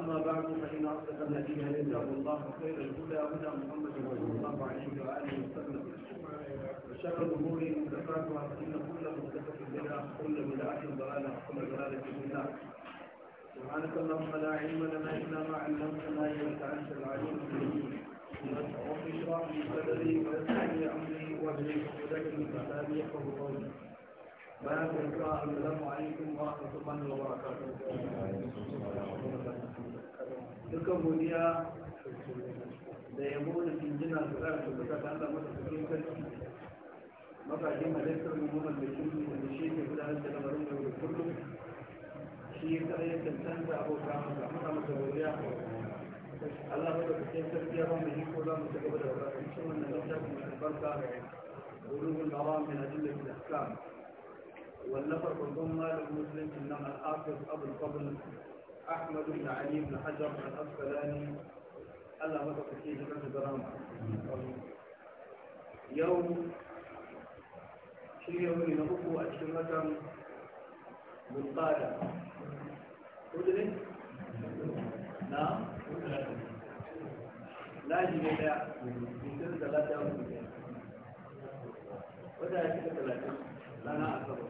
أما بعد فإن أصدق الذين يدعو الله خير الهدى هدى محمد صلى الله عليه وآله وسلم وشر الأمور محدثاتها فإن كل محدثة بلا كل بدعة ضلالة كل ضلالة في النار سبحانك اللهم لا علم لنا إلا ما علمتنا يا أنت العليم الحكيم رب اشرح لي صدري ويسر لي أمري واهدي عقدة من لساني يفقه قولي بارك الله السلام عليكم ورحمة الله وبركاته duka godiya da yabo da jinjina su ƙara tabbata ta Allah masa cikin sarki makaji majalisar hukumar da shi da shi ke gudanar da lamarin yau da kullum shi ya kada ya cancanta abokan masa muna masa godiya Allah masa cikin sarki ya ba mu iko za mu ci gaba da wadatar cikin wannan littafin mai albarka قلوب الغرام من أدلة الأحكام والنفر والضمة للمسلم إنما الحافظ أبو الفضل أحمد بن علي بن حجر الأسقلاني الله مدرك فيه جنة دراما يوم شيء يوم نبقوا أجتمة بالقادة أدري؟ نعم لا جميلة من ثلاثة ودا ثلاثة أنا أكبر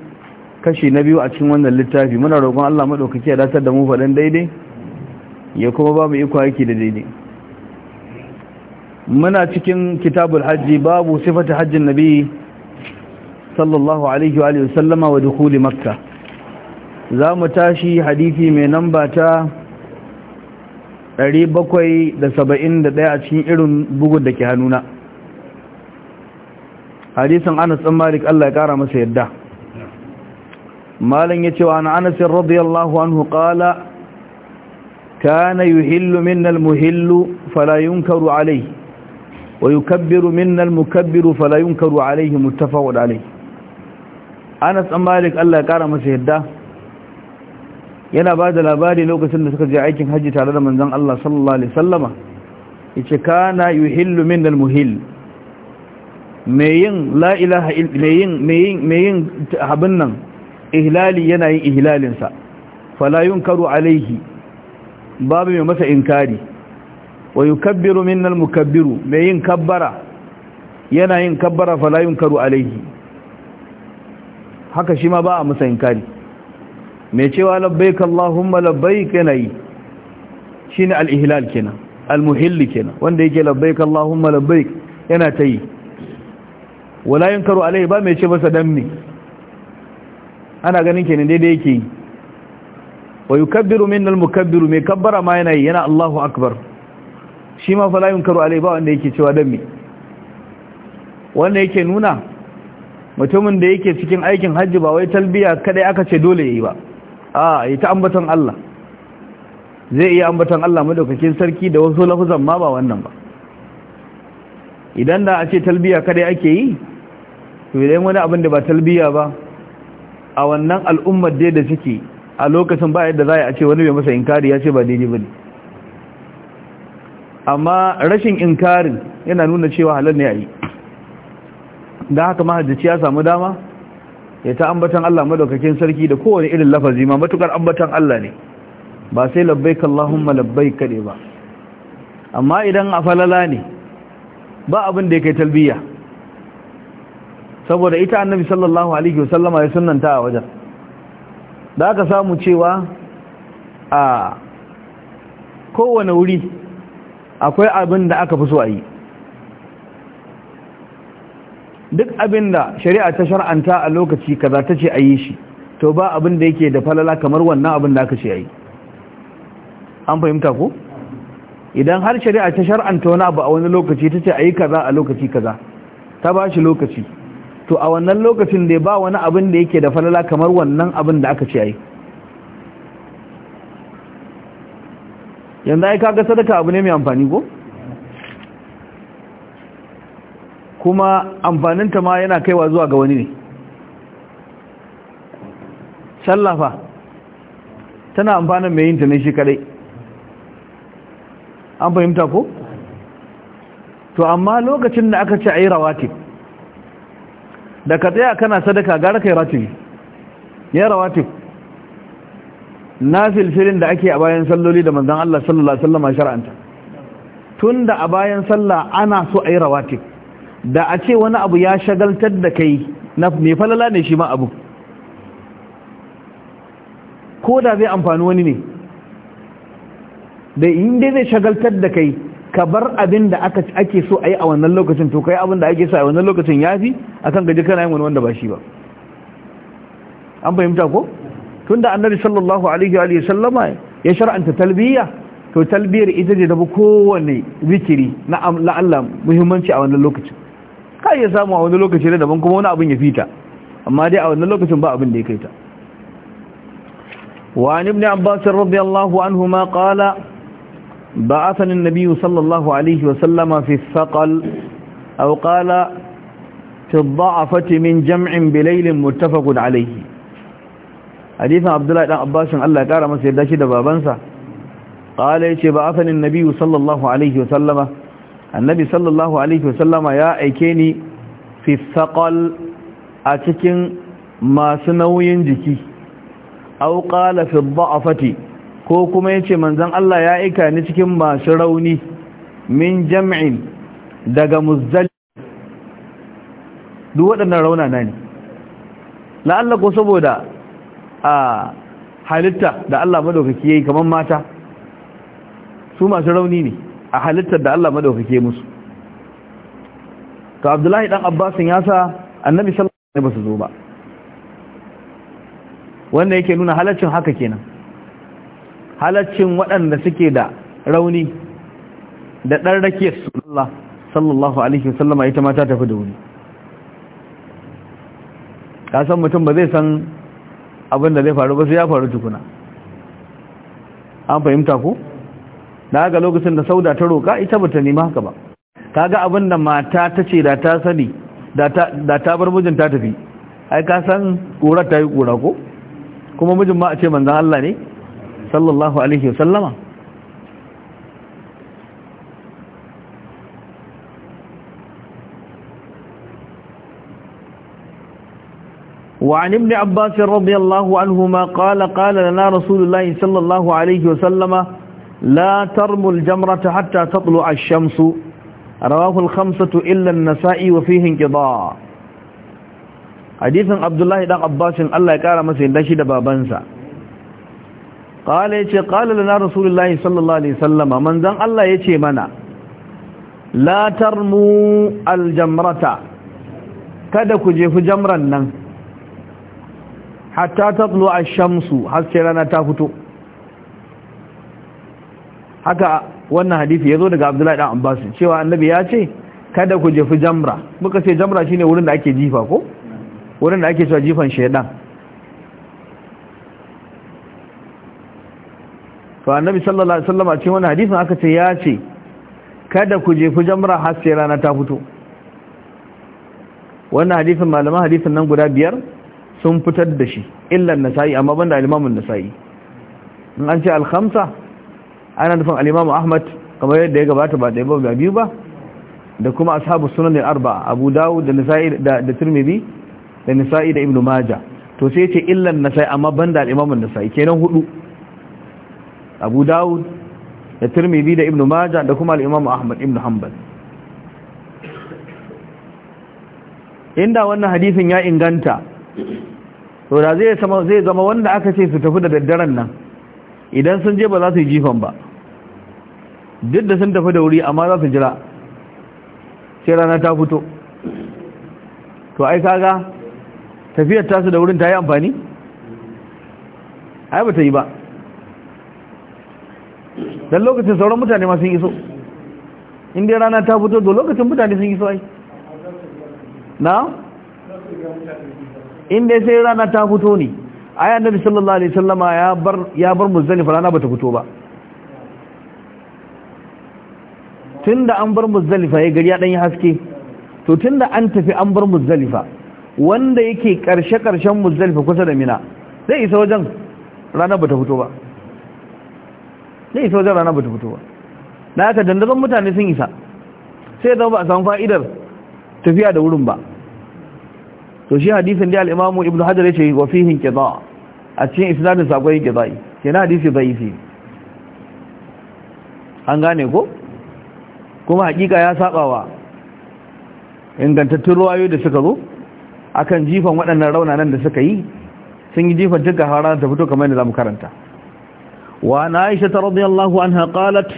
kashi na biyu a cikin wannan littafi muna roƙon Allah maɗaukaki ya datar da mu faɗin daidai ya kuma ba mu iko aiki da daidai muna cikin kitabul hajji babu sifata hajjin nabi sallallahu alaihi wa alihi wasallama wa dukhuli makka za mu tashi hadisi mai namba ta 771 a cikin irin bugun da ke hannuna hadisin Anas ɗan Malik Allah ya kara masa yadda malan ce wa anas radiyallahu anhu qala kana yuhillu minna almuhillu fala wa yukabbiru minna almukabbiru fala yunkaru alayhi muttafaqun alayhi anas an malik Allah ya kara masa yadda yana ba da labari lokacin da suka je aikin hajji tare da manzon Allah sallallahu alaihi wasallama yace kana yuhillu min almuhill meyin la ilaha nan ihlali yanayin yin ihlalinsa fala yunkaru alaihi babu mai masa inkari wa yukabbiru minnal mukabbiru mai yin kabbara yana yin kabbara falayun karu alaihi haka shi ma ba a masa inkari mai cewa labbaik allahumma labbaik yana yi ne al-ihlal kenan al-muhill kenan wanda yake labbaik allahumma labbaik yana ta yi wala karu alaihi ba mai ce masa dan ne ana ganin kenan daidai yake yi wa yukabbiru minnal mukabbiru mai kabbara ma yana yi yana Allahu akbar shi ma fala yunkaru alai ba wanda yake cewa dan me wanda yake nuna mutumin da yake cikin aikin hajji ba wai talbiya kadai aka ce dole yayi ba a yi ta ambaton Allah zai iya ambaton Allah madaukakin sarki da wasu lafuzan ma ba wannan ba idan da a ce talbiya kadai ake yi to idan wani abin da ba talbiya ba a wannan al'ummar dai da suke a lokacin ba yadda za a ce wani bai masa inkari ya ce ba daidai ba ne amma rashin inkarin yana nuna cewa halar ne a yi da haka mahajjaci ya samu dama ya ta ambatan Allah madaukakin sarki da kowane irin lafazi ma matukar ambatan Allah ne ba sai labbaik Allahumma labbaik kade ba amma idan a falala ne ba abin da ya kai talbiya saboda ita annabi sallallahu alaihi wasallama ya sunnanta a wajen da aka samu cewa a kowane wuri akwai abin da aka fi so a yi duk abin da shari'a ta shar'anta a lokaci kaza ta ce a yi shi to ba abin da yake da falala kamar wannan abin da aka ce a yi an fahimta ko idan har shari'a ta shar'anta wani abu a wani lokaci ta ce a yi kaza a lokaci kaza ta ba shi lokaci to a wannan lokacin da ba wani abin da yake da falala kamar wannan abin da aka ce ai yanzu ai kaga sadaka abu ne mai amfani ko kuma amfaninta ma yana kaiwa zuwa ga wani ne sallafa tana amfanin mai yinta ne shi kadai an fahimta ko to amma lokacin da aka ce ai rawatib da ka tsaya kana sadaka gara kai ratin ya rawatin na filfilin da ake a bayan salloli da manzan Allah sallallahu Alaihi wasallama shara'anta tun da a bayan sallah ana so a yi rawatin da a ce wani abu ya shagaltar da kai na mai falala ne shi ma abu ko da zai amfani wani ne da inda zai shagaltar da kai ka bar abin da aka ake so a yi a wannan lokacin to kai abin da ake so a wannan lokacin ya fi a kan gaji kana yin wani wanda ba shi ba an fahimta ko tun da annabi sallallahu alaihi wa sallama ya shar'anta talbiya to talbiyar ita ce tafi kowane zikiri na Allah muhimmanci a wannan lokacin ka iya samu a wani lokaci da daban kuma wani abin ya fita amma dai a wannan lokacin ba abin da ya kai ta وعن ابن عباس رضي الله عنهما قال بعثني النبي صلى الله عليه وسلم في الثقل أو قال في الضعفة من جمع بليل متفق عليه حديث عبد الله بن عباس الله قال ما سيدا شي دبابنسا قال يشي بعثني النبي صلى الله عليه وسلم النبي صلى الله عليه وسلم يا ايكيني في الثقل a cikin masu nauyin jiki au qala fi dha'afati ko kuma yace manzan Allah ya aika ni cikin masu rauni min jam'in daga muzdal duk waɗannan rauna na ne la'alla ko saboda a halitta da Allah madaukaki yi kamar mata su masu rauni ne a halittar da Allah madaukake musu to Abdullahi ɗan Abbas ya sa Annabi sallallahu alaihi ba su zo ba wannan yake nuna halaccin haka kenan halaccin waɗanda suke da rauni da ɗan rake sallallahu sallallahu alaihi wasallama ita mata tafi da wuri ka san mutum ba zai san abin da zai faru ba sai ya faru tukuna an fahimta ko da haka lokacin da sauda ta roƙa ita ba ta nema haka ba Ka ga abin da mata ta ce da ta sani da ta bar mijin ta tafi ai ka san ƙura ta yi ƙura ko kuma mijin ma a ce manzan Allah ne sallallahu alaihi wasallama وعن ابن عباس رضي الله عنهما قال قال لنا رسول الله صلى الله عليه وسلم لا ترموا الجمرة حتى تطلع الشمس رواه الخمسة إلا النساء وفيه انقضاء حديث عبد الله بن عباس الله يقال مسيدشي دبابنسا لنا رسول الله صلى rasulullahi عليه وسلم من ذن Allah yace mana لا ترموا aljamrata kada ku jefu jamran nan hatta ta tatlu a shamsu haske rana ta fito haka wannan hadisi zo daga Abdullahi dan Abbas cewa annabi ya ce kada ku jefu jamra muka ce jamra shine wurin da ake jifa ko wurin da ake cewa jifan shedan to annabi sallallahu alaihi wasallam a cikin wannan hadisin aka ce ya ce kada ku je ku jamra har sai rana ta fito wannan hadisin malaman hadisin nan guda biyar sun fitar da shi illan nasa'i amma banda al an nasa'i in an ce al-khamsa ana nufin al-imam ahmad kamar yadda ya gabata ba dai ba biyu ba da kuma ashabu sunan al-arba'a abu dawud da nasa'i da da tirmidhi da nasa'i da ibnu majah to sai ya ce illan nasa'i amma banda al an nasa'i kenan hudu abu dawud da tirmidhi da ibnu maja da kuma al-imam ahmad ibnu hanbal inda wannan hadisin ya inganta to da zai zama zai zama wanda aka ce su tafi da daddaren nan idan sun je ba za su yi jifan ba duk da sun tafi da wuri amma za su jira sai rana ta fito to ai kaga tafiyar tasu da wurin ta yi amfani ai ba ta yi ba dan lokacin sauran mutane ma sun iso in rana ta fito da lokacin mutane sun iso ai na Inda sai rana ta fito ne ai annabi sallallahu alaihi wasallama ya bar ya bar muzdalifa rana ta fito ba tunda an bar muzdalifa ya gari ya dan haske to tunda an tafi an bar muzdalifa wanda yake karshe karshen muzdalifa kusa da mina zai isa wajen rana ba ta fito ba zai isa wajen rana ba ta fito ba da haka dandazon mutane sun isa sai zama ba a samu fa'idar tafiya da wurin ba to shi hadisun da al'imamu ibn hajar ya ce wa fihin za a cikin isnadin sakwai yi ke na hadisi zaifi an gane ko kuma hakika ya saba wa ingantattun ruwayo da suka zo akan jifan waɗannan raunanan da suka yi sun yi jifan duka hara ta fito kamar yadda za mu karanta وعن عائشة رضي الله عنها قالت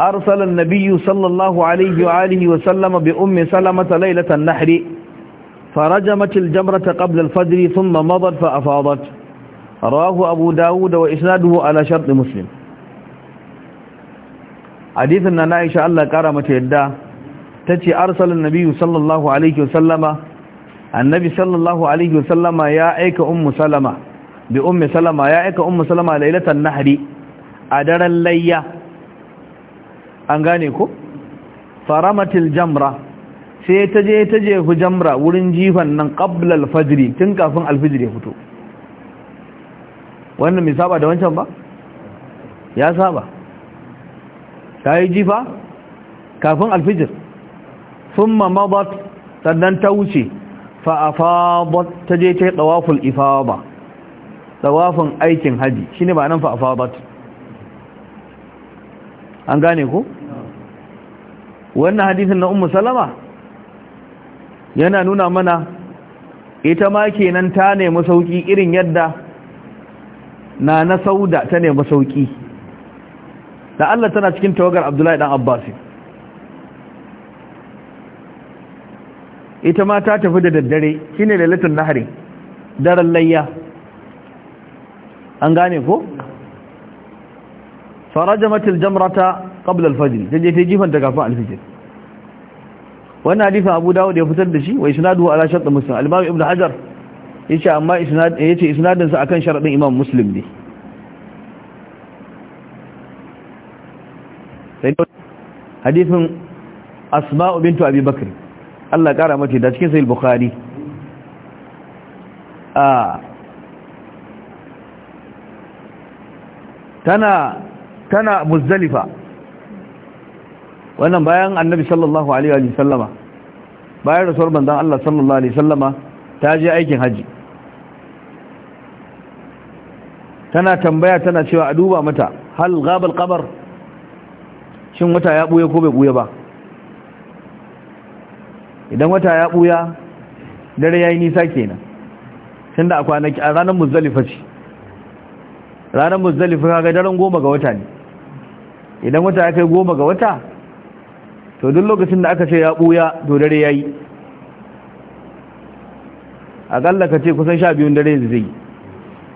أرسل النبي صلى الله عليه وآله وسلم بأم سلمة ليلة النحر فرجمت الجمرة قبل الفجر ثم مضت فأفاضت رواه أبو داود وإسناده على شرط مسلم أن عائشة الله كرمة يداه تتي أرسل النبي صلى الله عليه وسلم النبي صلى الله عليه وسلم يا أيك أم سلمة bi ummi salama ya aika ummi salama lailatan nahri a daren layya an gane ko faramatil jamra sai ta je ta je jamra wurin jifan nan qabla al tun kafin al-fajr ya fito wannan mai saba da wancan ba ya saba ta yi jifa kafin al-fajr thumma madat sannan ta wuce fa afadat ta je ta yi tawaful ba. tsawafin aikin haji ne ba nan fa'afa ba an gane ku? wannan hadisin na umu salama yana nuna mana ita ma kenan ta nemi masauki irin yadda na na sauda ta nemi masauki. da Allah tana cikin tawagar Abdullahi dan Abbas ita ma ta tafi da daddare shine lailatul nahari daren layya an gane ko farajamatil jamrata qabla al-fajr taje ta jifan ta kafin al-fajr wannan hadisin Abu Dawud ya fitar da shi wa isnaduhu ala shart Muslim al-Imam Ibn Hajar yace amma isnad yace isnadin sa akan sharadin Imam Muslim ne hadisin Asma'u bintu Abi Bakr Allah kara mata da cikin sahih Bukhari ah tana tana muzdalifa wannan bayan annabi sallallahu alaihi wa sallama bayan rasuwar manzon Allah sallallahu alaihi sallama ta je aikin haji tana tambaya tana cewa a duba mata hal ghabal kabar shin wata ya buye ko bai buye ba idan wata ya buya dare yayi nisa kenan tunda a kwanaki a ranar muzdalifa ce ranar muzdalifa kaga daren goma ga wata ne idan wata ya kai goma ga wata to duk lokacin da aka ce ya ɓuya to dare ya yi aƙalla ka ce kusan sha biyun dare zai yi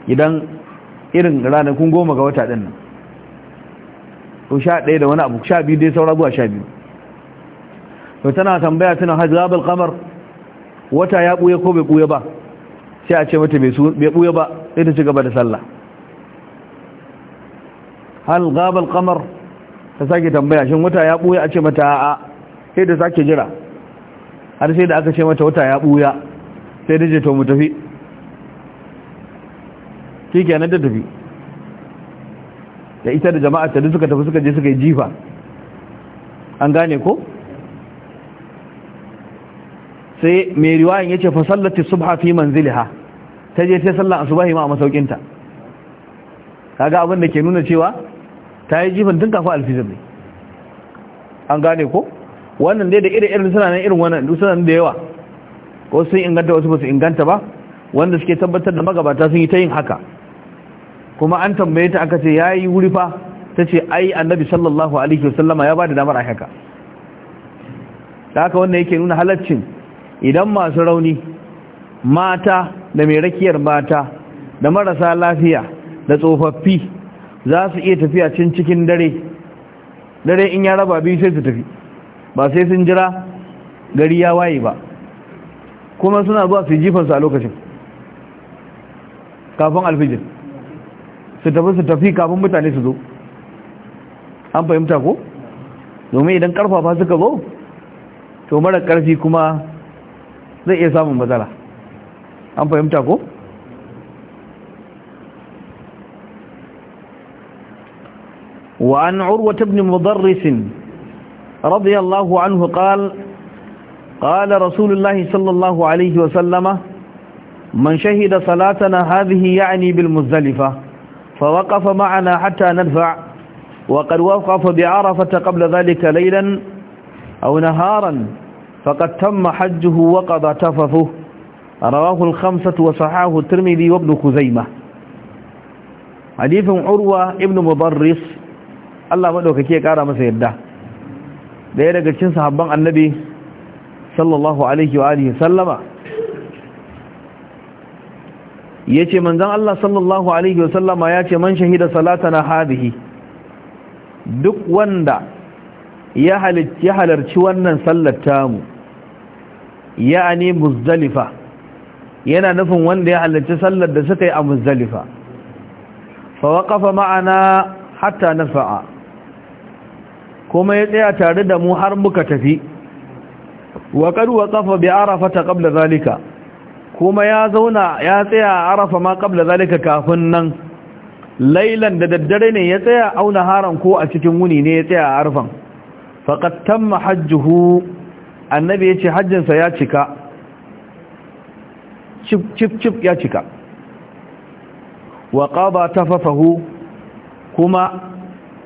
idan irin ranakun goma ga wata ɗin nan sha ɗaya da wani abu sha biyu dai saura zuwa sha biyu to tana tambaya tana hajjabal kamar wata ya ɓuya ko bai ɓuya ba sai a ce mata bai ɓuya ba sai ta ci gaba da sallah hal gabal kamar ta sake tambaya shin wata ya buya a ce mata a sai da sake jira har sai da aka ce mata wata ya buya sai da je to mu tafi shi kenan da tafi da ita da jama'a ta suka tafi suka je suka yi jifa an gane ko sai mai riwayan yace fa sallati subha fi manziliha taje ta sallan asubahi ma a masaukinta kaga abin da ke nuna cewa ta yi jifan tun kafa alfijir ne an gane ko wannan dai da irin irin suna nan irin wannan duk suna da yawa Ko sun inganta wasu ba inganta ba wanda suke tabbatar da magabata sun yi ta yin haka kuma an tambaye ta aka ce ya yi wuri fa ta ce ai annabi sallallahu alaihi wasallama ya ba da damar a haka da haka wannan yake nuna halaccin idan masu rauni mata da mai rakiyar mata da marasa lafiya da tsofaffi za su iya tafiya cin cikin dare dare in ya raba biyu sai su tafi ba sai sun jira gari ya waye ba kuma suna zuwa su jifansu a lokacin kafin alfijir su tafi su tafi kafin mutane su zo an fahimta ko domin idan karfafa suka zo to mara karfi kuma zai iya samun matsala an fahimta ko وعن عروة بن مضرس رضي الله عنه قال قال رسول الله صلى الله عليه وسلم من شهد صلاتنا هذه يعني بالمزدلفة فوقف معنا حتى ندفع وقد وقف بعرفة قبل ذلك ليلا أو نهارا فقد تم حجه وقضى تففه رواه الخمسة وصححه الترمذي وابن خزيمة حديث عروة ابن مضرس Allah maɗaukaki ya ƙara masa yadda ɗaya daga cikin sahabban annabi sallallahu alaihi wa alihi sallama ya ce manzan Allah sallallahu alaihi wa sallama ya ce man shahida na hadihi duk wanda ya halarci wannan mu ya ya'ani muzdalifa yana nufin wanda ya halarci sallar da suka yi a muzdalifa fa waqafa ma'ana hatta nafa'a kuma ya tsaya tare da mu har muka tafi wa qad waqafa bi arafata qabla zalika kuma ya zauna ya tsaya a arafa ma qabla zalika kafin nan lailan da daddare ne ya tsaya auna haran ko a cikin wuni ne ya tsaya a arfan faqad tamma hajjuhu annabi yace hajjin sa ya cika chip chip chip ya cika wa qada tafafahu kuma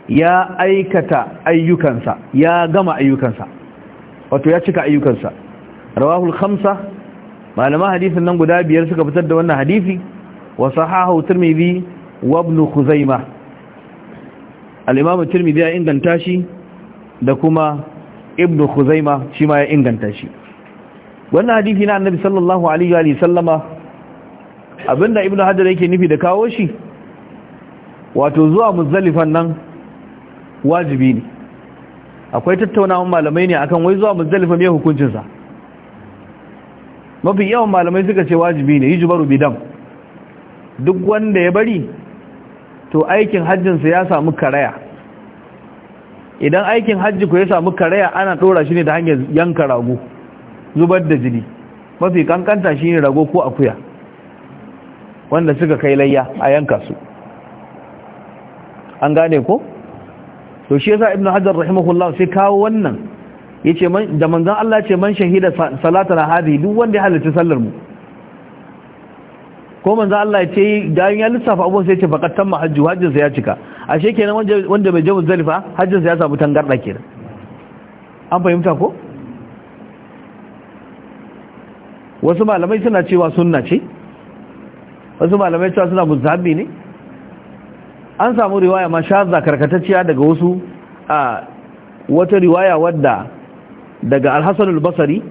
ya aikata ayyukansa ya gama ayyukansa wato ya cika ayyukansa rawahul khamsa malama hadisin nan guda biyar suka fitar da wannan hadisi wa sahahu tirmidhi wa ibn khuzaimah al-imam tirmidhi ya inganta shi da kuma ibn khuzaimah shi ma ya inganta shi wannan hadisi na annabi sallallahu alaihi wa sallama abinda ibn hajar yake nufi da kawo shi wato zuwa muzallifan nan wajibi ne akwai tattaunawan malamai ne akan wai zuwa muzdalifa mai hukuncinsa mafi yawan malamai suka ce wajibi ne yi jubaru bidan duk wanda ya bari to aikin hajjinsa ya samu karaya idan aikin hajji ko ya samu karaya ana ɗora shi ne ta hanyar yanka rago zubar da jini mafi kankanta shi ne rago ko akuya wanda suka kai layya a yanka su an gane ko? to shi yasa ibnu hajar rahimahullah sai kawo wannan yace man da manzon Allah yace man shahida salatana hadi duk wanda ya halarci sallar mu ko manzon Allah ya ce da ya lissafa abun sai yace faqat tamma hajju hajjin sa ya cika ashe kenan wanda wanda bai je muzalifa hajjin sa ya samu tangarda kenan an fahimta ko wasu malamai suna cewa sunna ce wasu malamai cewa suna muzabi ne an samu riwaya ma shazza karkatacciya daga wasu a wata riwaya wadda daga alhassan albasari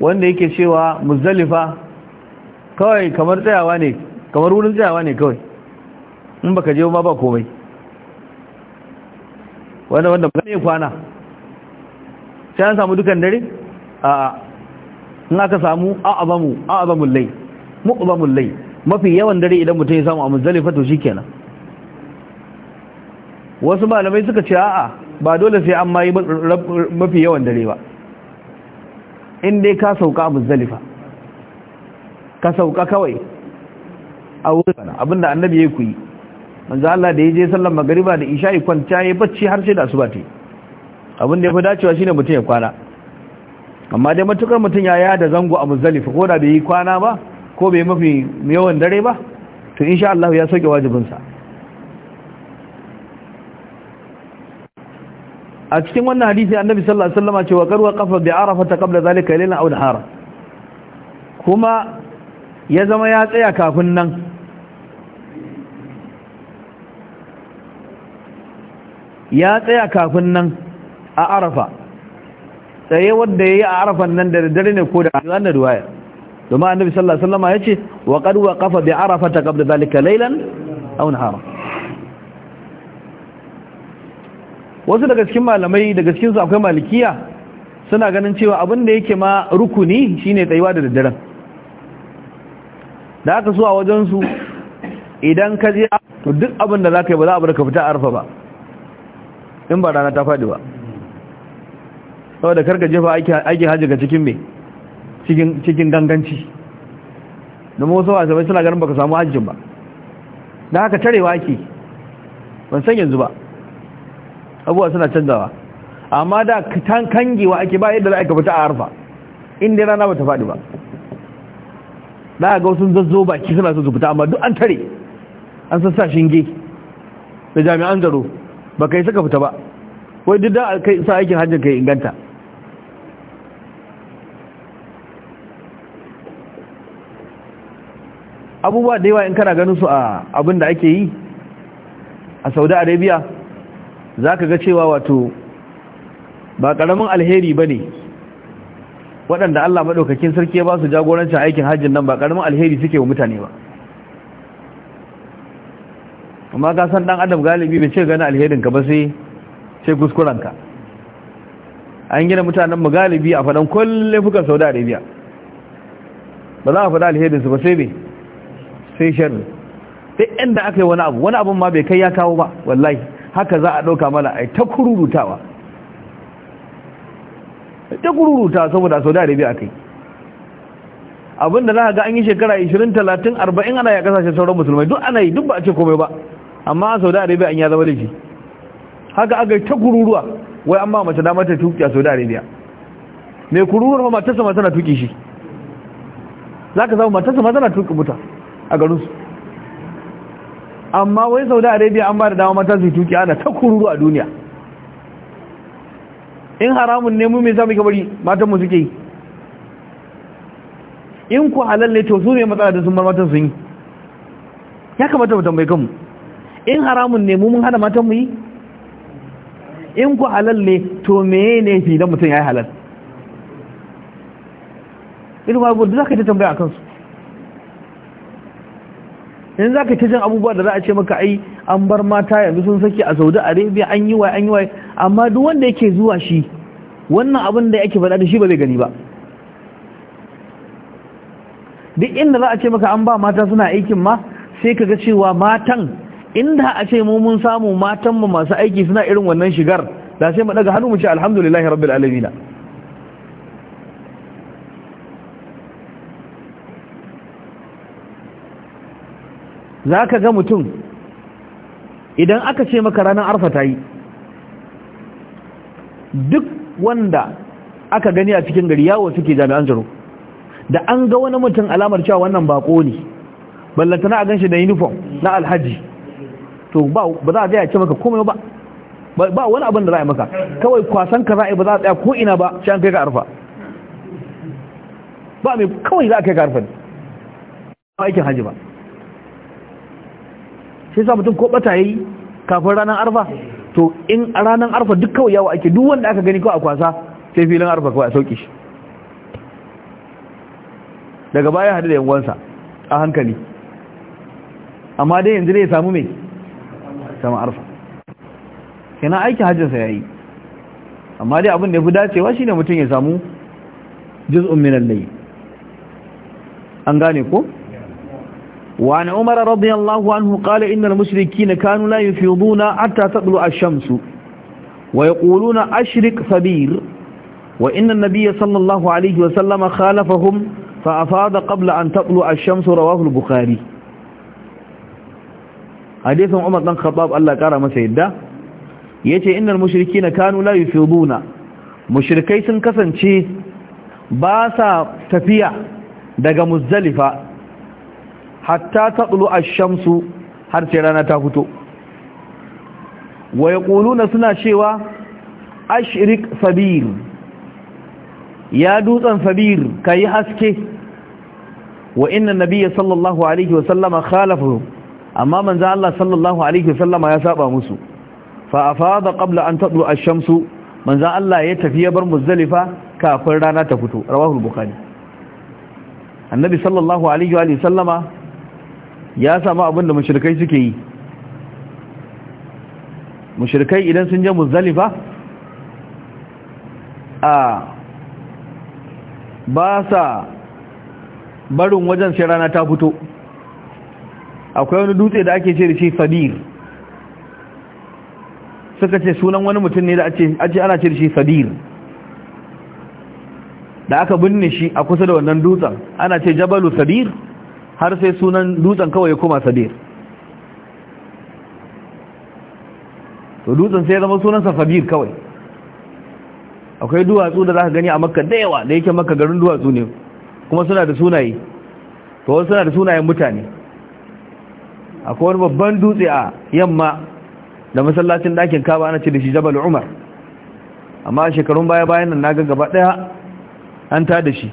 wanda yake cewa muzalifa kawai kamar tsayawa ne kamar wurin tsayawa ne kawai in baka je ma ba komai wanda wanda ba ne kwana sai an samu dukan dare a in aka samu a'abamu a'azamul lay mafi yawan dare idan mutum ya samu a muzalifa to kenan. wasu malamai suka ce a'a ba dole sai an mayi mafi yawan dare ba in dai ka sauka muzdalifa ka sauka kawai a wurin abinda annabi ya kuyi manzo Allah da yaje sallar magariba da isha'i kwanta ya bacci har sai da asuba ta abinda ya fi dacewa shine mutum ya kwana amma dai matukar mutum ya yada zango a muzdalifa ko da bai yi kwana ba ko bai mafi yawan dare ba to insha Allah ya sauke wajibinsa a cikin wannan hadisi annabi sallallahu alaihi wasallam cewa qarwa qafa bi arafata qabla zalika laylan aw nahara kuma ya zama ya tsaya kafin nan ya tsaya kafin nan a arafa tsaye wanda yayi a arafan nan da dare ne ko da wannan riwaya domin annabi sallallahu alaihi wasallam ya ce wa qad waqafa bi arafata qabla zalika laylan aw nahara wasu daga cikin malamai daga cikinsu akwai malikiya suna ganin cewa abin da yake ma rukuni shine tsayuwa da daddaren da aka so a wajensu idan ka je to duk abin da za ka yi ba za a bar ka fita a arfa ba in ba rana ta faɗi ba saboda karka jefa aiki hajji ga cikin mai cikin ganganci domin wasu wasu suna ganin baka samu hajjin ba da haka tarewa ke ban san yanzu ba abuwa suna canzawa amma da kan kangewa ake ba yadda za a fita a arfa inda rana ba ta faɗi ba da a ga wasu zazzo baki suna su fita amma duk an tare an sassa shinge da jami'an garo ba kai suka fita ba wai duk da kai sa aikin hajjin kai inganta abubuwa da yawa in kana ganin su a abin da ake yi a saudi arabia za ka ga cewa wato ba ƙaramin alheri ba ne waɗanda Allah maɗaukakin sarki ya ba su jagorancin aikin hajjin nan ba ƙaramin alheri suke wa mutane ba amma ka san ɗan adam galibi bai ce gani alherinka ba sai sai kuskurenka an gina mutanen mu galibi a faɗan kulle fuka saudi arabia ba za a faɗa alherinsu ba sai ne sai sharri sai inda aka yi wani abu wani abun ma bai kai ya kawo ba wallahi haka za a ɗauka mana a ta kururutawa ta kururutawa saboda saudi arabia a kai abinda za ga an yi shekara 20 30 40 ana ya kasashe sauran musulmai duk ana yi duk ba a ce komai ba amma da arabia an ya zama da shi haka aka ta kururuwa wai an amma mace damar ta tuki a da arabia mai kururuwar matarsa ma tana tuki shi za ka zama matarsa ma tana tuki mutu a garinsu amma wai da arabia an ba da dama mata su tuki ana ta kururu a duniya in haramun ne mu me za mu kabari matan mu suke yi in ku halal ne to su ne matsala da sun bar matan sun yi ya kamata mu tambaye kanmu in haramun ne mu mun hana matan mu yi in ku halal ne to meye ne fi dan mutum ya yi halal ilmu abubuwan da za ka ta tambaya a kansu in za ka jin abubuwa da za a ce maka ai an bar mata yanzu sun sake a saudi arabia an yi wa an yi wa amma duk wanda yake zuwa shi wannan abin da yake faɗa da shi ba zai gani ba duk inda za a ce maka an ba mata suna aikin ma sai ka ga cewa matan inda a ce mu mun samu matan mu masu aiki suna irin wannan shigar da sai mu daga hannu mu ce alhamdulillahi rabbil alamin za ka ga mutum idan aka ce maka ranar arfa ta yi duk wanda aka gani a cikin gari yawon suke jami'an tsaro da an ga wani mutum alamar cewa wannan bako ne ballantana a ganshi da uniform na alhaji to ba za a zai ce maka komai ba ba wani abin da za a yi maka kawai kwasan ka za a yi ba za a tsaya ko ina ba shi an kai ka arfa ba mai kawai za a kai ka arfa ba aikin haji ba sai sa mutum ko bata yayi kafin ranar arfa to in ranar arfa duk kawai yawa ake duk wanda aka gani kawai a kwasa sai filin arfa kawai a sauki shi daga baya hadu da yanguwansa a hankali amma dai yanzu ne ya samu mai sama arfa yana aiki hajjinsa ya yi amma dai abin da ya fi dacewa shi ne mutum ya samu juz'un minan layi an gane ko? وعن عمر رضي الله عنه قال إن المشركين كانوا لا يفيضون حتى تطلع الشمس ويقولون أشرك فبير وإن النبي صلى الله عليه وسلم خالفهم فأفاض قبل أن تطلع الشمس رواه البخاري حديث عمر بن الخطاب الله كرم سيدا yace innal mushrikina kanu la yufiduna mushrikai sun kasance ba sa tafiya daga muzdalifa hatta taqlu ash-shamsu har sai rana ta fito wa yaquluna suna cewa ashrik sabir ya dutsen sabir yi haske wa inna nabiya sallallahu alaihi wa sallama khalafu amma manza Allah sallallahu alaihi wa sallama ya saba musu fa afada qabla an tadlu ash-shamsu manza Allah ya tafi ya bar muzdalifa kafin rana ta fito rawahu bukani annabi sallallahu alaihi wa sallama ya samu abin da mashirkai suke yi mashirkai idan sun je muzalifa a ba sa barin wajen sai rana ta fito akwai wani dutse da ake ce da shi sadir suka ce sunan wani mutum ne da ake ana ce da shi sadir da aka binne shi a kusa da wannan dutsen ana ce jabalu sadir har sai sunan dutsen kawai ya koma Sabir to dutsen sai ya zama sunansa sabir kawai akwai duwatsu da za ka gani a makka da yawa da yake makka garin duwatsu ne kuma suna da sunaye to wasu suna da sunayen mutane akwai wani babban dutse a yamma da masallacin ɗakin kaba ana ce da shi jabal umar amma shekarun baya bayan nan na ga gaba ɗaya an ta da shi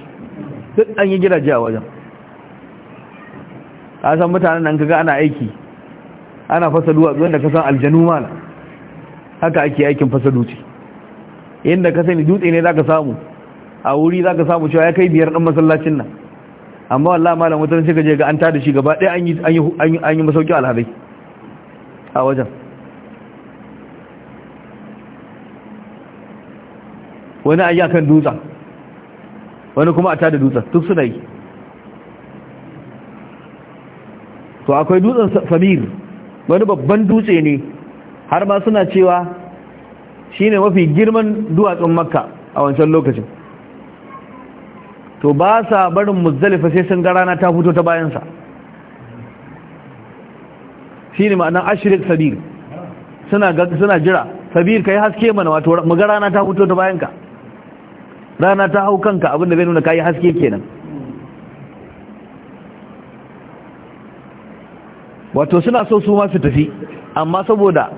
duk an yi gidaje a wajen ka san mutanen nan kaga ana aiki ana fasa duwatsu wanda ka san aljanu mana, haka ake aikin fasa dutse inda ka sani dutse ne zaka samu a wuri zaka samu cewa ya kai biyar din masallacin nan amma wallahi malam wata sai ka je ga an tada shi gaba ɗaya an yi an yi an yi masauki alhabai a wajen wani ayyakan dutsen wani kuma a tada dutsen duk suna yi to akwai dutsen samir wani babban dutse ne har ma suna cewa shine mafi girman duwatsun makka a wancan lokacin to ba sa barin muzdalifa sai sun ga rana ta fito ta bayansa shine ma'anar ashirin sabir suna jira sabir yi haske mana wato mu ga rana ta fito ta bayanka rana ta hau kanka abinda bai nuna ka yi haske kenan wato suna so su ma su tafi amma saboda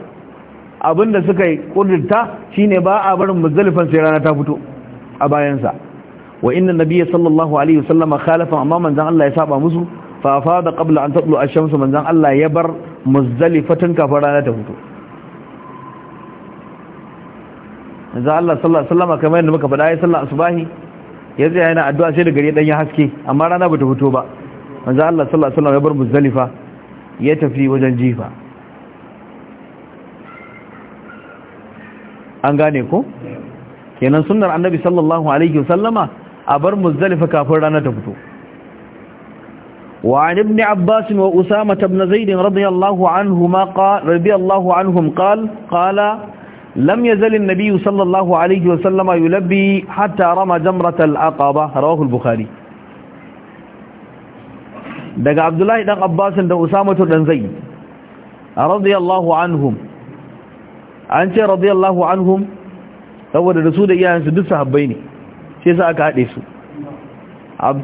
abinda suka yi kudurta shine ba a barin muzalifan sai rana ta fito a bayansa wa inna nabiyya sallallahu alaihi wasallama khalafa amma manzan Allah ya saba musu fa fada qabla an tatlu ash-shamsu manzan Allah ya bar muzalifatan kafin rana ta fito manzon Allah sallallahu alaihi wasallama kamar yadda muka faɗa ya sallar asubahi ya tsaya yana addu'a sai da gari ɗan ya haske amma rana bata fito ba manzon Allah sallallahu alaihi ya bar muzalifa. ya tafi wajen jifa an gane ko kenan sunnar annabi sallallahu alaihi wasallama a bar muzdalifa kafin rana ta fito وعن ابن عباس وأسامة بن زيد رضي الله عنهما قال رضي الله عنهم قال قال لم يزل النبي صلى الله عليه وسلم يلبي حتى رمى جمرة العقبة رواه البخاري daga abdullahi dan abbasin da usamatu dan zai radiyallahu anhum an ce radiyallahu anhum saboda da su da iyayensu duk sahabbai ne sai sa aka haɗe su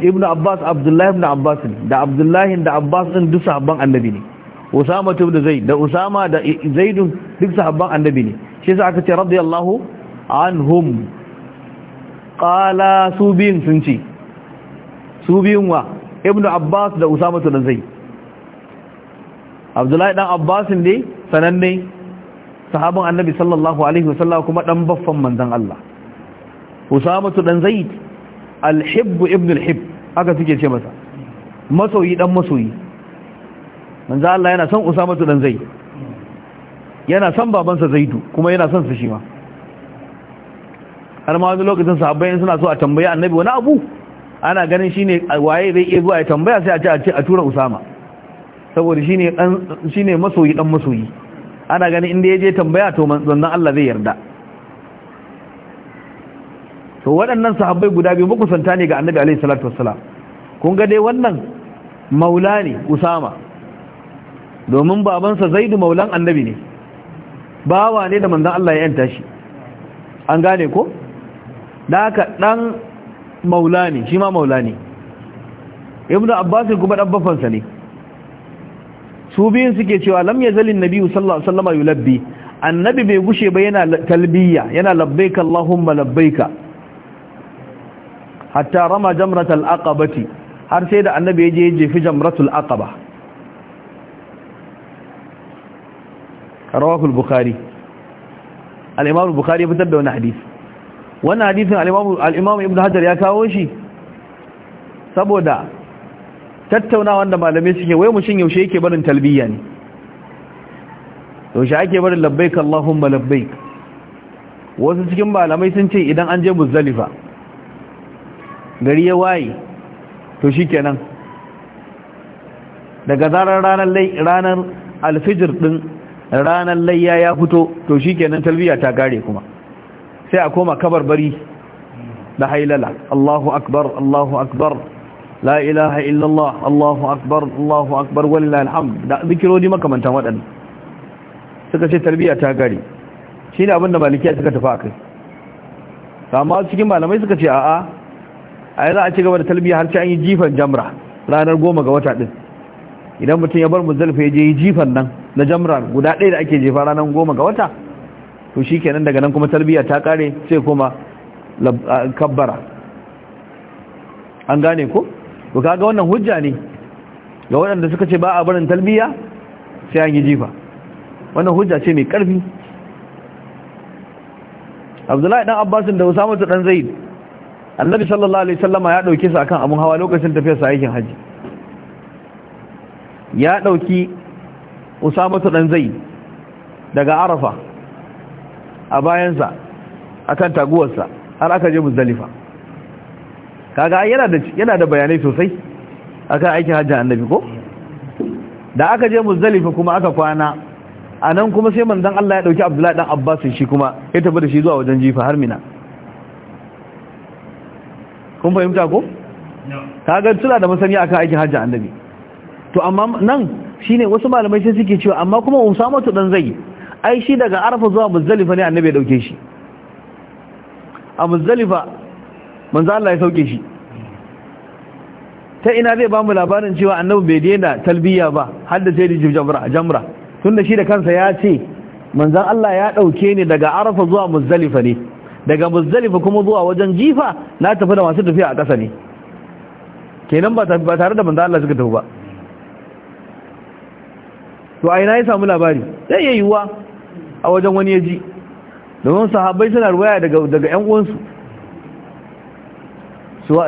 ibn abbas abdullahi ibn abbas da abdullahi da abbas din duk sahabban annabi ne usama ibn zaid da usama da zaidun duk sahabban annabi ne sai sa aka ce radiyallahu anhum qala su biyun sun ce su biyun wa ibn abbas da usama da zai abdullahi dan abbasin ne sananne sahabin annabi sallallahu alaihi wasallam kuma dan baffan manzon Allah usama dan zaid al-hibb ibn al-hibb suke ce masa masoyi dan masoyi manzon Allah yana son usama dan zaid yana son babansa zaidu kuma yana son su shi ma har ma wani lokacin sahabbai suna so a tambaye annabi wani abu ana ganin shine waye zai iya zuwa ya tambaya sai a ce a tura usama saboda shine dan shine masoyi dan masoyi ana ganin inda yaje tambaya to manzon Allah zai yarda to waɗannan sahabbai guda biyu muku santa ne ga annabi alaihi salatu wassalam kun ga dai wannan maula ne usama domin babansa zaidu maulan annabi ne bawa ne da manzon Allah ya yanta shi an gane ko da haka dan maula ne shi ma maula ne ibnu abbas kuma dan bafansa ne su biyun suke cewa lam yazalin nabiyyu sallallahu alaihi wasallam yulabbi annabi bai gushe ba yana talbiya yana labbaika allahumma labbaika hatta rama jamratul aqabati har sai da annabi ya je ya jefi jamratul aqaba rawahu al-bukhari al-imam al-bukhari fitar da wani hadisi wannan hadisin al'imamu ibn hajar ya kawo shi saboda tattaunawan da malamai suke wai mushin yaushe yake barin talbiya ne yaushe ake barin labbaik Allahumma labbaik wasu cikin malamai sun ce idan an je muzdalifa gari ya waye to shi kenan daga zarar ranar ranar alfijir din ranar layya ya fito to shi kenan talbiya ta kare kuma sai a koma bari da hailala Allahu akbar Allahu akbar la ilaha illallah Allahu akbar Allahu akbar walillahi alhamd da zikirodi makamantan wadannan suka ce tarbiya ta gari shine abin da malikiya suka tafi akai amma cikin malamai suka ce a'a ai za a ci gaba da talbiya har sai an yi jifan jamra ranar goma ga wata din idan mutum ya bar muzalfa ya je yi jifan nan na jamra guda ɗaya da ake jefa ranar goma ga wata to shi kenan daga nan kuma tarbiyya ta kare sai kuma kabbara an gane ko to kaga wannan hujja ne ga waɗanda suka ce ba a barin talbiya sai an yi jifa wannan hujja ce mai ƙarfi abdullahi dan abbasin da usama ta dan zaid annabi sallallahu alaihi wasallama ya dauke su akan abun hawa lokacin tafiyar sa aikin haji ya dauki usama ta dan zaid daga arafa a bayansa a kan taguwarsa har aka je musdalifa kaga yana da bayanai sosai akan aikin hajji annabi ko da aka je musdalifa kuma aka kwana a nan kuma sai manzan Allah ya dauki Abdullahi dan Abbas shi kuma ya tafi da shi zuwa wajen jifa har Mina kun fahimta ko kaga tuna da masani akan aikin hajji annabi to amma nan shine wasu malamai sai suke cewa amma kuma Usama to dan zai ai shi daga arafa zuwa muzdalifa ne annabi ya dauke shi a muzdalifa manzo Allah ya sauke shi ta ina zai ba mu labarin cewa annabi bai daina talbiya ba har da sai da jamra jamra tunda shi da kansa ya ce manzo Allah ya dauke ni daga arafa zuwa muzdalifa ne daga muzdalifa kuma zuwa wajen jifa na tafi da masu tafiya a ƙasa ne kenan ba tare da manzo Allah suka tafi ba to a ina ya samu labari zai iya yiwuwa a wajen wani ya ji domin sahabbai suna riwaya daga yan uwansu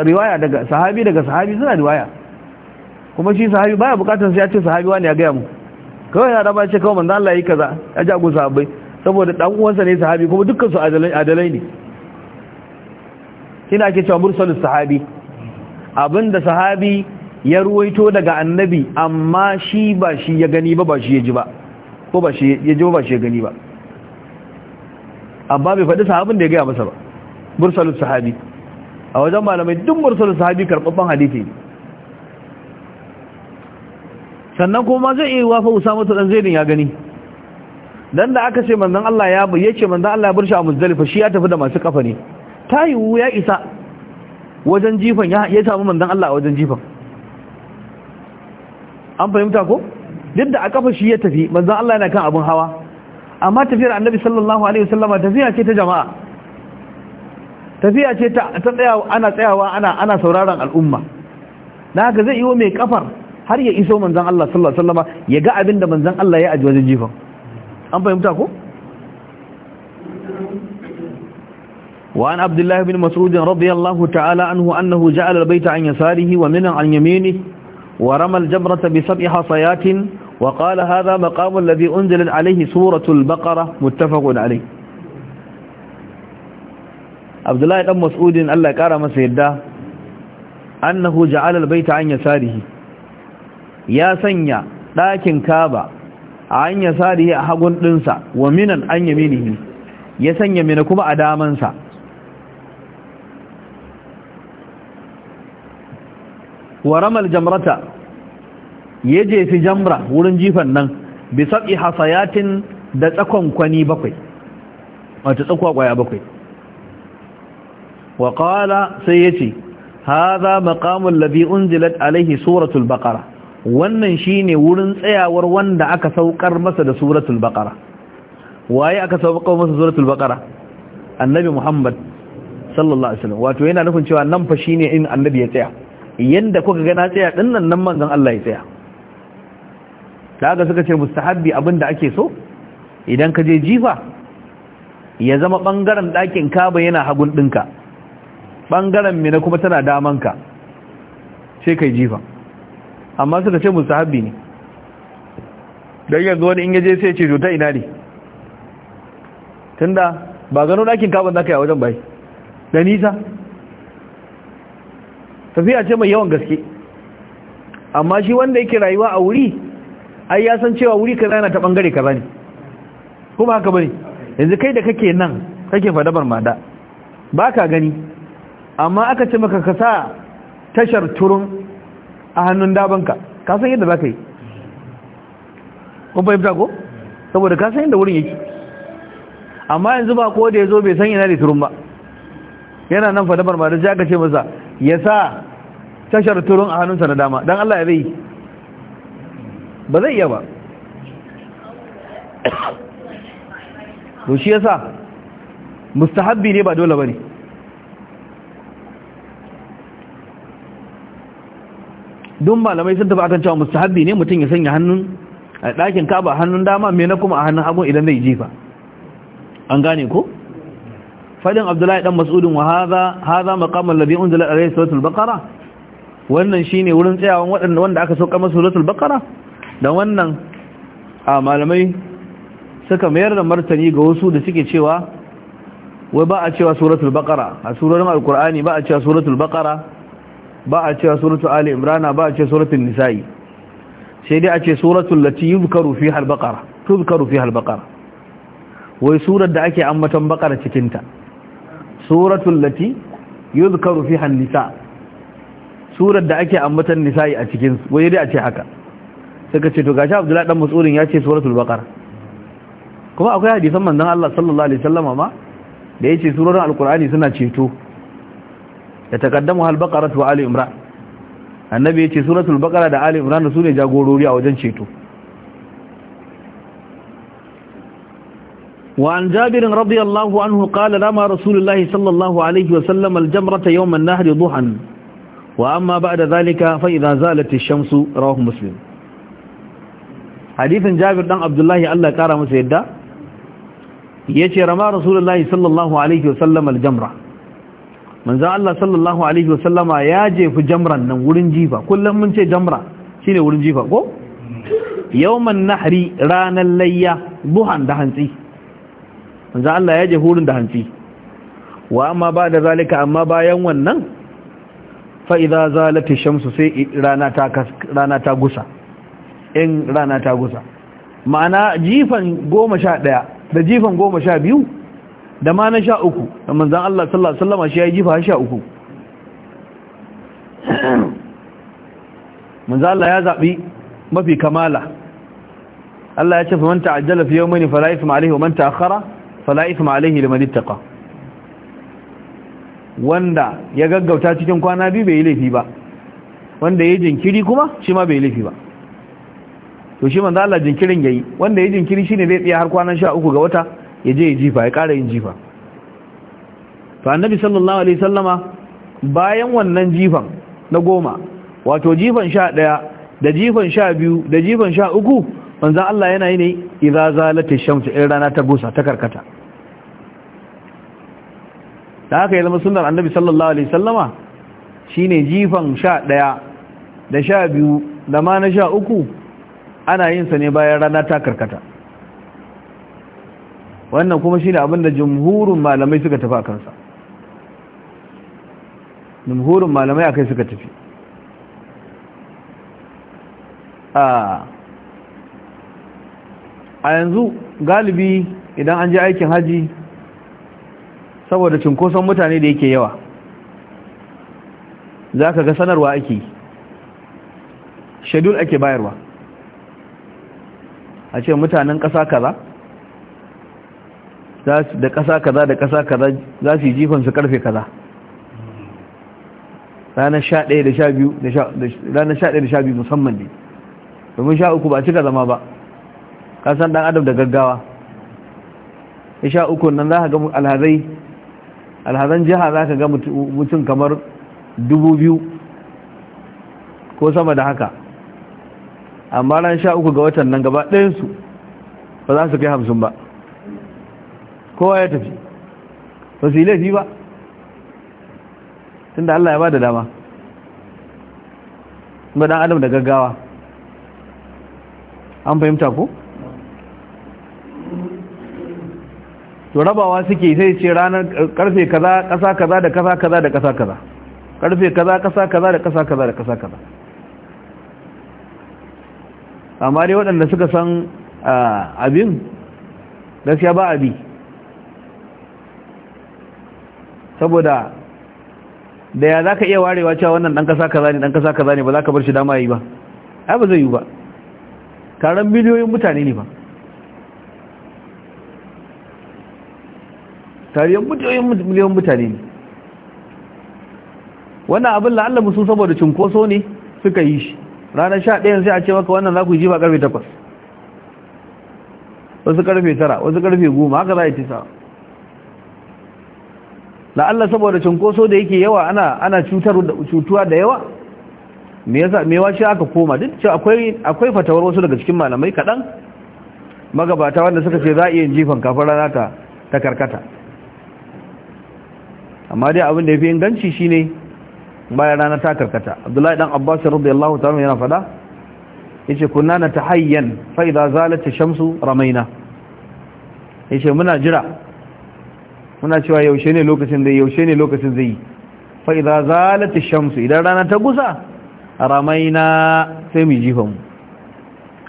riwaya daga sahabi daga sahabi suna riwaya kuma shi sahabi baya bukatar sai ya ce sahabi wani ya gaya mu kawai na raba ce kawai manzo Allah yi kaza ya jago sahabbai saboda dan uwansa ne sahabi kuma dukkan su adalai ne kina ke cewa mursalus sahabi abinda sahabi ya ruwaito daga annabi amma shi ba shi ya gani ba ba shi ya ji ba ko ba shi ya ji ba ba shi ya gani ba amma bai faɗi sahabin da ya gaya masa ba mursalin sahabi a wajen malamai duk mursalin sahabi karɓaɓɓen hadithi ne sannan kuma zai iya wafa usama ta ɗan zaidin ya gani dan da aka ce manzon Allah ya ya ce manzon Allah ya bar shi a Muzdalifa shi ya tafi da masu kafa ne ta yiwu ya isa wajen jifan ya samu manzon Allah a wajen jifan an fahimta ko duk da a kafa shi ya tafi manzon Allah yana kan abun hawa amma tafiyar annabi sallallahu alaihi wasallama tafiya ce ta jama'a tafiya ce ta tsaya ana tsayawa ana ana sauraron al'umma na haka zai yiwo mai kafar har ya iso manzon Allah sallallahu alaihi wasallama ya ga abin da manzon Allah ya aji wajen jifan an fahimta ko وعن عبد الله بن مسعود رضي الله تعالى عنه أنه جعل البيت عن يساره ومن عن يمينه ورمى الجمرة بسبع حصيات وقال هذا مقام الذي أنزلت عليه سورة البقرة متفق عليه عبد الله بن مسعود الله قال ما سيدا أنه جعل البيت عن يساره يا سنيا لكن كابا عن يساره أحقن لنسا ومن عن يمينه ya sanya mina kuma a damansa wa ramal jamrata ya jefi jamra wurin jifan nan bi sab'i hasayatin da tsakon kwani bakwai wato tsakwa kwaya bakwai wa qala sai yace hadha maqamul ladhi unzilat alayhi suratul bakara. wannan shine wurin tsayawar wanda aka saukar masa da suratul bakara. waye aka saukar masa suratul bakara? annabi muhammad sallallahu alaihi wasallam wato yana nufin cewa nan fa shine in annabi ya tsaya yanda kuka ga na tsaya dinnan nan manzon Allah ya tsaya da suka ce mustahabbi abinda ake so idan ka je jifa ya zama bangaren ɗakin kaba yana hagun ɗinka bangaren mina kuma tana damanka sai kai jifa amma suka ce mustahabbi ne don yanzu wani in yaje sai ce to ta ina ne tunda ba gano ɗakin kaba za ka yi a wajen bai da nisa tafiya ce mai yawan gaske amma shi wanda yake rayuwa a wuri ai ya san cewa wuri kaza yana ta bangare kaza ne ko ba haka bane yanzu kai da kake nan kake fadabar mada ba ka gani amma aka ce maka ka sa tashar turun a hannun dabanka ka san yadda za ka yi kuma fahimta ko saboda ka san yadda wurin yake amma yanzu ba ko da ya zo bai san yana da turun ba yana nan fadabar mada sai aka ce masa ya sa tashar turun a hannunsa na dama don Allah ya bai ba zai iya ba to shi yasa mustahabbi ne ba dole ba ne don malamai sun tafi akan cewa mustahabbi ne mutum ya sanya hannun a ɗakin kaba hannun dama me na kuma a hannun hagu idan zai jefa an gane ko fadin abdullahi dan mas'udin wa hadha hadha maqamul ladhi unzila alayhi suratul bakara? wannan shi ne wurin tsayawan wanda aka sauka masu suratul bakara? da wannan a malamai suka mayar da martani ga wasu da suke cewa wai ba a cewa suratul baqara a surorin alkur'ani ba a cewa suratul baqara ba a cewa suratul ali imrana ba a cewa suratul nisa'i sai dai a ce suratul lati yuzkaru fiha al-baqara tuzkaru fiha al-baqara wai surar da ake ambaton baqara cikin ta suratul lati yuzkaru fiha an-nisa surar da ake ambaton nisa'i a cikin wai dai a ce haka suka ce to gashi abdullahi dan mas'udin ya ce suratul baqara kuma akwai hadisan manzon Allah sallallahu alaihi wasallama ma da yace surorin alqur'ani suna ceto da takaddamu hal baqara wa ali imran annabi yace suratul baqara da ali imran su ne jagorori a wajen ceto وعن جابر رضي الله عنه قال لما رسول الله صلى الله عليه وسلم الجمرة يوم النهر ضحا وأما بعد ذلك فإذا زالت الشمس رواه مسلم hadithin jabir dan abdullahi Allah kara masa yadda yace rama rasulullahi sallallahu alaihi wasallam aljamra manzo Allah sallallahu alaihi wasallama ya jefi jamran nan wurin jifa kullum mun ce jamra shine wurin jifa ko yawman nahri ranan layya buhan da hantsi manzo Allah ya jefi wurin da hantsi wa amma ba da zalika amma bayan wannan fa idza zalati shamsu sai rana ta rana ta gusa in rana ta gusa ma'ana jifan goma sha ɗaya da jifan goma sha biyu da ma na sha uku da manzan Allah sallallahu Alaihi wasallama shi ya yi jifa sha uku manzan Allah ya zaɓi mafi kamala Allah ya ce fa man ta'ajjala fi yawmin fala ithma ma'alihi wa manta akara fala ithma alayhi liman wanda ya gaggauta cikin kwana biyu bai yi laifi ba wanda ya yi jinkiri kuma shi ma bai yi laifi ba to shi manzo Allah jinkirin yayi wanda ya jinkiri shine zai tsaya har kwanan 13 ga wata ya je ya jifa ya ƙara yin jifa to annabi sallallahu alaihi sallama bayan wannan jifan na goma wato jifan 11 da jifan 12 da jifan 13 manzo Allah yana yi ne idza zalata shamsu in rana ta busa ta karkata da haka ya zama sunnar annabi sallallahu alaihi sallama shine jifan 11 da 12 da ma na 13 ana yin sa ne bayan rana ta karkata wannan kuma shine abin da jumhurin malamai suka tafi a kansa jumhurin malamai akai suka tafi a yanzu galibi idan an je aikin haji saboda cunkoson mutane da yake yawa za ka ga sanarwa ake shedul ake bayarwa a ce mutanen ƙasa kaza da ƙasa kaza da ƙasa kaza za su yi jifan su karfe kaza ranar 11 da 12 biyu musamman ne domin sha uku ba cika zama ba ƙasar ɗan adam da gaggawa ya sha uku nan za ka ga alhazai alhazan jiha za ka ga mutum kamar dubu biyu ko sama da haka amma ran sha uku ga watan nan gaba ɗayansu ba za su kai hamsin ba kowa ya tafi ba su yi laifi ba tun da Allah ya ba da dama ba dan adam da gaggawa an fahimta ko? to rabawa suke sai ce ranar eh, karfe kaza kasa kaza da kasa kaza da kasa kaza karfe kaza kasa kaza da kasa kaza da kasa kaza amma dai waɗanda suka san abin gaskiya ba abi saboda da ya za ka iya warewa cewa wannan ɗan ƙasa kaza ne ɗan ƙasa kaza ne ba za ka bar shi dama yi ba ai ba zai yi ba taron miliyoyin mutane ne ba tariyan miliyoyin mutane ne wannan abin la'alla musu saboda cunkoso ne suka yi shi ranar sha ɗayan sai a ce maka wannan za ku ba karfe takwas wasu karfe tara wasu karfe goma haka za a yi tisa la'alla saboda cunkoso da yake yawa ana ana cutuwa da yawa me yasa me wace aka koma duk ce akwai fatawar wasu daga cikin malamai kaɗan magabata wanda suka ce za a iya jifan kafin rana ta karkata amma dai abin da ya fi inganci shine bayan rana ta karkata abdullahi dan abbas radiyallahu ta'ala yana fada yace kunna natahayyan fa idza zalat ash-shamsu ramaina yace muna jira muna cewa yaushe ne lokacin da yaushe ne lokacin zai fa idza zalat ash-shamsu idan rana ta gusa ramaina sai mu ji mu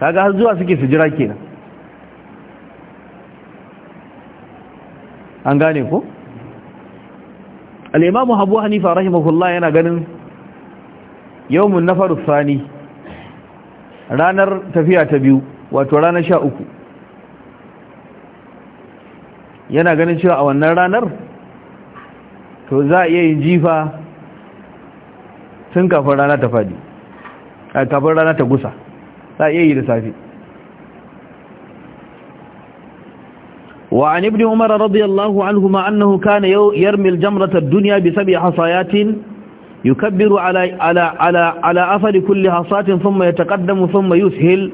kaga har zuwa suke su jira kenan an gane ko al'imamu habu hanifa rahimahullah yana ganin yawon faru sani ranar tafiya ta biyu wato ranar sha uku yana ganin cewa a wannan ranar to za a iya yin jifa tun kafin rana ta fadi a kafin rana ta gusa za a iya yi da safi وعن ابن عمر رضي الله عنهما أنه كان يرمي الجمرة الدنيا بسبع حصايات يكبر على على على على أثر كل حصاة ثم يتقدم ثم يسهل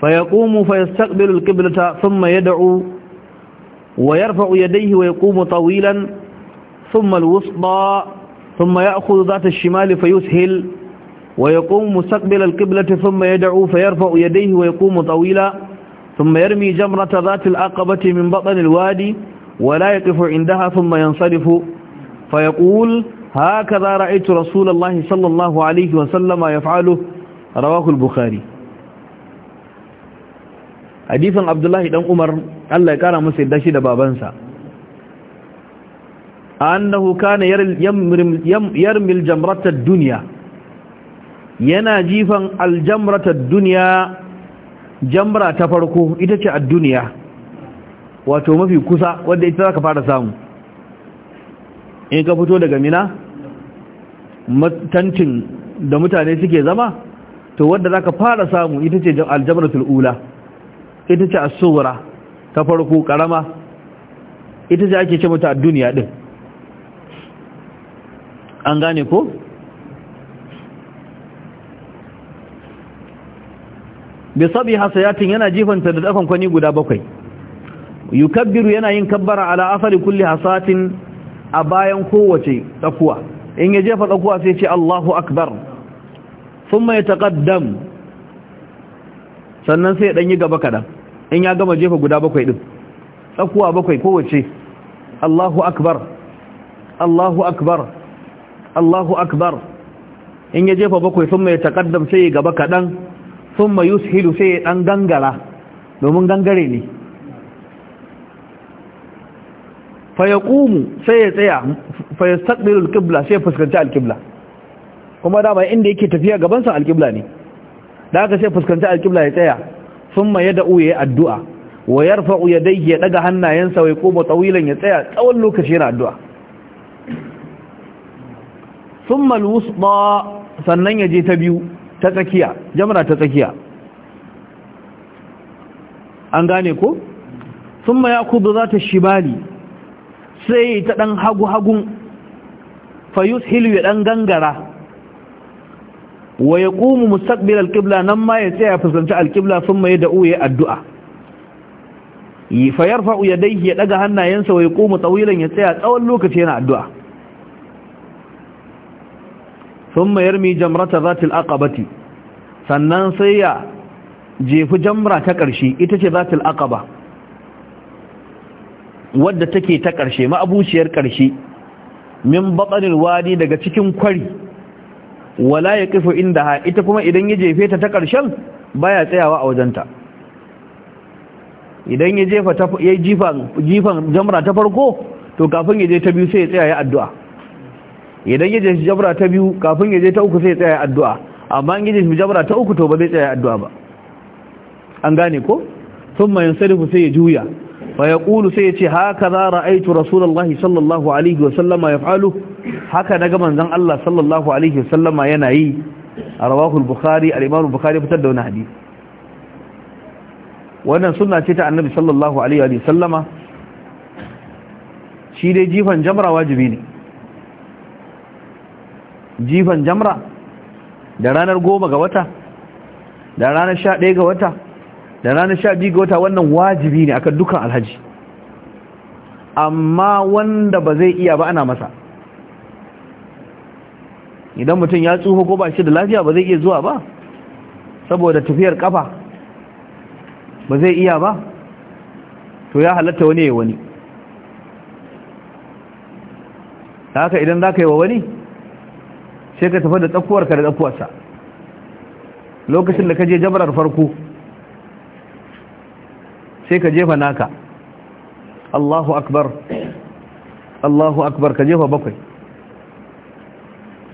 فيقوم فيستقبل القبلة ثم يدعو ويرفع يديه ويقوم طويلا ثم الوسطى ثم يأخذ ذات الشمال فيسهل ويقوم مستقبل القبلة ثم يدعو فيرفع يديه ويقوم طويلا ثم يرمي جمرة ذات العقبة من بطن الوادي ولا يقف عندها ثم ينصرف فيقول هكذا رأيت رسول الله صلى الله عليه وسلم يفعله رواه البخاري hadisin abdullahi dan umar Allah ya kara masa yadda shi da babansa annahu kana yarmil jamratad duniya, yana jifan aljamratad duniya. Jambara ta farko ita ce a duniya wato mafi kusa wadda ita za ka fara samu in ka fito daga mina matancin da mutane suke zama to wadda za ka fara samu ita ce aljamratul tul'ula ita ce asura ta farko karama ita ce ake ce mata a duniya din an gane ko? bi sabi hasayatin yana jifanta da dafan kwani guda bakwai yukabbiru yana yin kabbara ala asali kulli hasatin a bayan kowace tsakuwa in ya jefa tsakuwa sai ce Allahu akbar thumma yataqaddam sannan sai ya yi gaba kadan in ya gama jefa guda bakwai din tsakuwa bakwai kowace Allahu akbar Allahu akbar Allahu akbar in ya jefa bakwai thumma yataqaddam sai ya gaba kadan sun ma yushilu sai ya ɗan gangara domin gangare ne fayaƙumu sai ya tsaya saɗin alƙibla sai ya fuskanci alƙibla kuma dama inda yake tafiya gabansa alƙibla ne da aka sai fuskanci alƙibla ya tsaya sun ma ya da'u ya yi addu'a wa ya rufa ya dai ya ɗaga hannayensa wai koma tsawilan ya tsaya tsawon lokaci yana addu'a sun malwus sannan ya je ta biyu ta tsakiya jamra ta tsakiya an gane ko thumma za ta shibali sai ta ɗan hagu hagun fayushilu ya ɗan gangara wa ya ƙumu musabbin alƙibla nan ma ya tsaya fuskanci alƙibla sun ma ya addu'a fa ya yadayhi ya ɗaga hannayensa wa ya ƙumu tsawilan ya tsaya tsawon lokaci yana addu'a thumma yarmi jamrata zatil aqabati sannan sai ya jefi jamra ta ƙarshe ita ce zatil aqaba wadda take ta ƙarshe ma'abuciyar ƙarshe min batsanin wadi daga cikin kwari wala ya kifo inda ha ita kuma idan ya jefe ta ƙarshen baya tsayawa a wajenta idan ya jifan jamra ta farko to kafin ya je ta biyu sai ya tsaya ya addu'a idan yaje shi jabra ta biyu kafin yaje ta uku sai tsaya addu'a amma in yaje shi jabra ta uku to ba zai tsaya addu'a ba an gane ko thumma yansarifu sai ya juya fa yaqulu sai ya ce haka za ra'aitu rasulullahi sallallahu alaihi wa sallama yaf'alu haka daga manzon Allah sallallahu alaihi wa sallama yana yi rawahu al-bukhari al-imam al-bukhari fitar da wani hadisi wannan sunna ce ta annabi sallallahu alaihi wa sallama shi dai jifan jamra wajibi ne jifan jamra da ranar goma ga wata da ranar sha ɗaya ga wata da ranar sha biyu ga wata wannan wajibi ne akan dukan alhaji amma wanda ba zai iya ba ana masa idan mutum ya tsufa ko ba shi da lafiya ba zai iya zuwa ba saboda tafiyar kafa ba zai iya ba to ya halatta wani ya wani haka idan za ka yi wa wani sai ka tafi da tsakuwarka da tsakuwarsa lokacin da ka je jabarar farko sai ka jefa naka Allahu akbar Allahu akbar ka jefa bakwai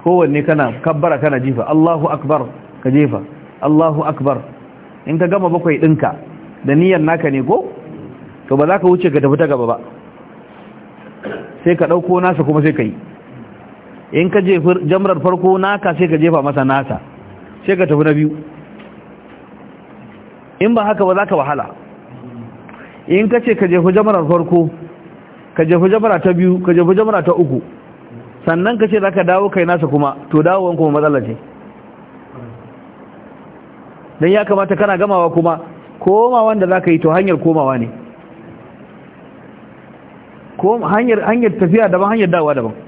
kowanne kana kabbara kana jifa Allahu akbar ka jefa Allahu akbar in ka gama bakwai ɗinka da niyyar naka ne ko to ba za ka wuce ka tafi ta gaba ba sai ka ɗauko nasa kuma sai ka yi in ka je jamrar farko naka sai ka jefa masa nasa sai ka tafi na biyu in ba haka ba za ka wahala in ka ce ka jefa jamrar farko ka jefa jamrar ta biyu ka jefa jamrar ta uku sannan ka ce za ka dawo kai nasa kuma to dawowan kuma matsala ce don ya kamata kana gamawa kuma komawan da za ka yi to hanyar komawa ne hanyar tafiya daban hanyar dawa daban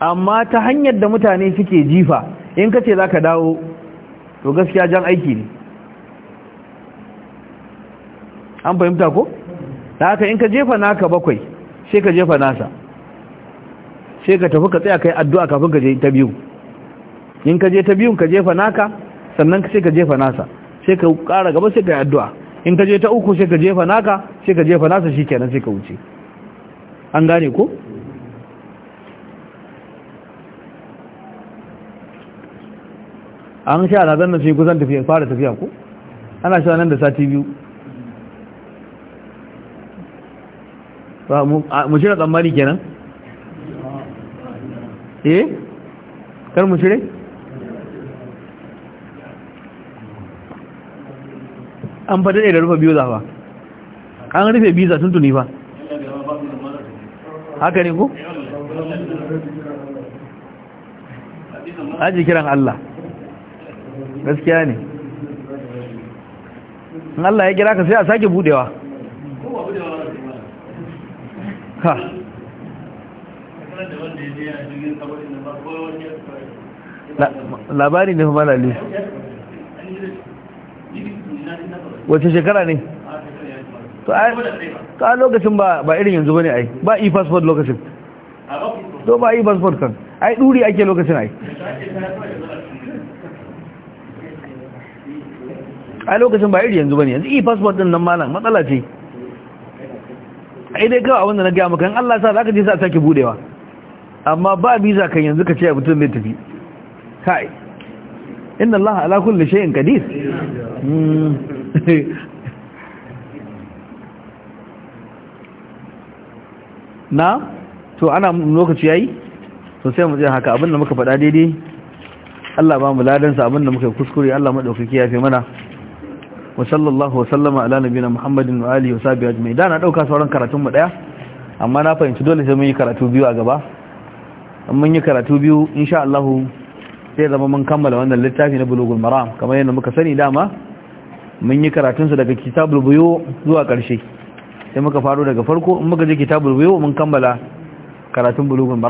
amma ta hanyar da mutane suke jifa in ka ce za ka dawo to gaskiya jan aiki ne an fahimta ko? da haka in ka jefa naka bakwai sai ka jefa nasa sai ka tafi ka tsaya kai addu'a kafin ka je ta biyu in ka je ta biyun ka jefa naka sannan sai ka jefa nasa sai ka ƙara gaba sai ka yi addu'a in ka je ta uku sai ka jefa naka sai ka jefa nasa shi kenan sai ka wuce an gane ko? an sha alhazan nan shi kusan tafiya fara tafiya ko ana sha nan da sati biyu mu shirya tsammani kenan eh kar mu shirya an ne da rufe biyu zafa an rufe biza tun tuni fa haka ne ko? aji kiran Allah gaskiya ne in Allah ya kira ka sai a sake budewa ha labari ne kuma lalle wace shekara ne to a lokacin ba irin yanzu ba ne ai ba e-passport lokacin to ba e-passport kan ai duri ake lokacin ai a lokacin ba iri yanzu ba ne yanzu e-passport din nan malam matsala ce ai dai kawai abinda na gaya maka in Allah sa ka je sa sake budewa amma ba visa kan yanzu ka ce a mutum mai tafi kai inda Allah ala kulli shay'in kadis hmm. na to ana lokaci yi to sai mu zai haka abinda muka faɗa daidai Allah ba mu ladan abinda muka kuskure Allah maɗaukaki ya fi mana wa wasallama ala nabiyina muhammadin wa alihi wa sahbihi ajma'in da na dauka sauran karatun mu daya amma na fahimci dole sai mun yi karatu biyu a gaba mun yi karatu biyu insha Allah sai zama mun kammala wannan littafi na bulugul maram kamar yadda muka sani dama mun yi karatunsa daga kitabul buyu zuwa karshe. sai muka faro daga farko in muka je kitabul buyu mun kammala karatun bulugul maram